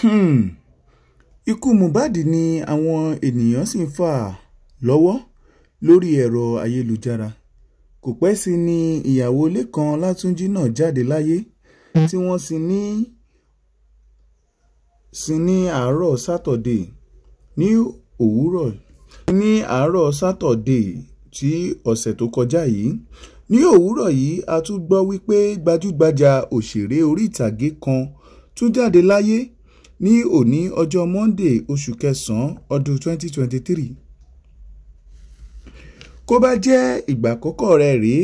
Hmm. ikú mohbad ni àwọn ènìyàn sì ń fà lọ́wọ́ lórí ẹ̀rọ ayélujára kò pẹ́ sí ni ìyàwó lẹ́kan látúnjì náà jáde láyé tí wọ́n sì ní sí ní àárọ̀ sátọ̀dé ní òwúrọ̀ ní àárọ̀ sátọ̀dé tí ọ̀sẹ̀ tó kọjá yìí ní òwúrọ̀ yìí a tún gbọ́ wípé gbajúgbajà òṣèré orí ìtàgé kan tún jáde láyé ní òní ọjọ́ Monday oṣù kẹsàn-án ọdún 2023 kó bá jẹ́ ìgbà àkọ́kọ́ rẹ rèé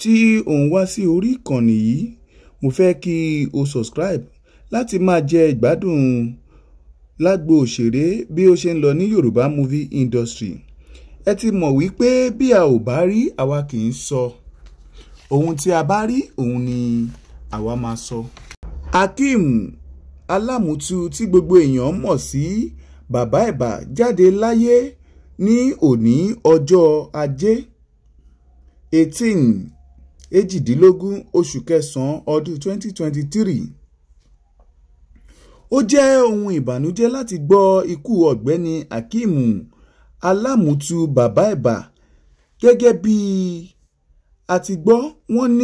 tí ò ń wá sí orí ìkànnì yìí mo fẹ́ kí o subscribe láti máa jẹ ìgbádùn lágbo òṣèré bí ó ṣe ń lọ ní Yorùbá movie industry ẹ ti mọ̀ wípé bí a ò bá rí àwa kì í sọ ohun tí a bá rí òun ni àwa máa sọ. Akeem alámùtú tí gbogbo èèyàn mọ̀ sí bàbá ẹ̀bà jáde láyé ní òní ọjọ́ ajé eighteen èjìdínlógún oṣù kẹsàn-án ọdún twenty twenty three ó jẹ́ ohun ìbànújẹ́ láti gbọ́ ikú ọ̀gbẹ́ni Akeemu alámùtú bàbá ẹ̀bà gẹ́gẹ́ bí a ti gbọ́ wọ́n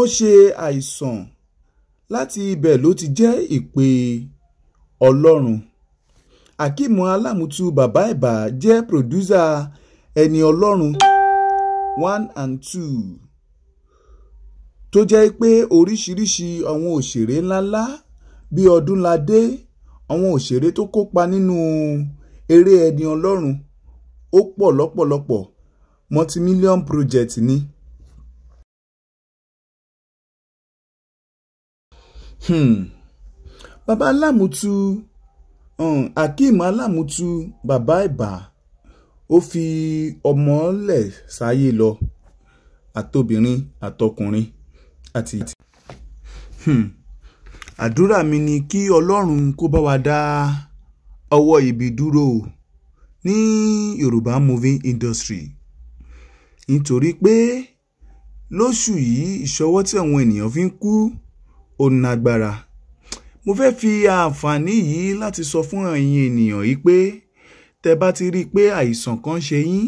ó ṣe àìsàn láti ibẹ̀ ló ti jẹ́ ìpè ọlọ́run Akeemu Alamutu Baba Eba jẹ́ pòdúsà ẹni ọlọ́run one and two tó jẹ́ pé oríṣiríṣi àwọn òṣèré ńláńlá bíi Ọdúnladé àwọn òṣèré tó kópa nínú eré ẹni ọlọ́run ó pọ̀ lọ́pọ̀lọpọ̀ multimillion project ni. um baba alámùtù um hmm, akeem alámùtù bàbá ìbà ó fi ọmọọlẹ sáyé lọ àtobìnrin àtọkùnrin àti. um àdúrà mi ni kí ọlọ́run kó bá wa dá ọwọ́ ibi dúró ní yorùbá movie industry nítorí pé lóṣù yìí ìṣọwọ́ tí àwọn ènìyàn fi ń kú ó nágbára mo fẹ́ fi àǹfààní yìí láti sọ fún ẹ̀yin ènìyàn yìí pé tẹ bá ti rí i pé àìsàn kan ṣe yín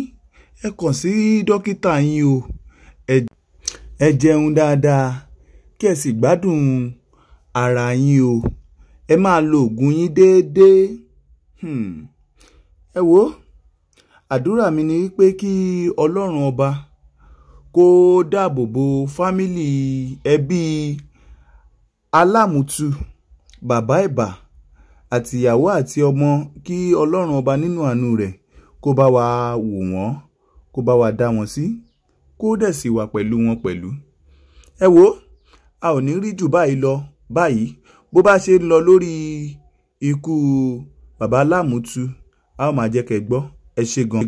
ẹ kàn sí dókítà yín o ẹ jẹun dáadáa kí ẹ sì gbádùn ara yín o ẹ máa lo oògùn yín déédéé hmm. ẹ wo àdúrà mi ni pé kí ọlọ́run ọba kó dáàbò bo fámìlì ẹbí. E alámùtù bàbá ìbà àtìyàwó àti ọmọ kí ọlọ́run ọba nínú àánú rẹ̀ kó bá wa wò wọ́n kó bá wa dá wọn sí kó dẹ̀ sì wà pẹ̀lú wọn pẹ̀lú. ẹ wo a ò ní rí jù báyìí lọ báyìí bó bá ṣe ń lọ lórí ikú bàbá alámùtù a ó máa jẹ́ kẹ́ gbọ́ ẹ ṣé gan.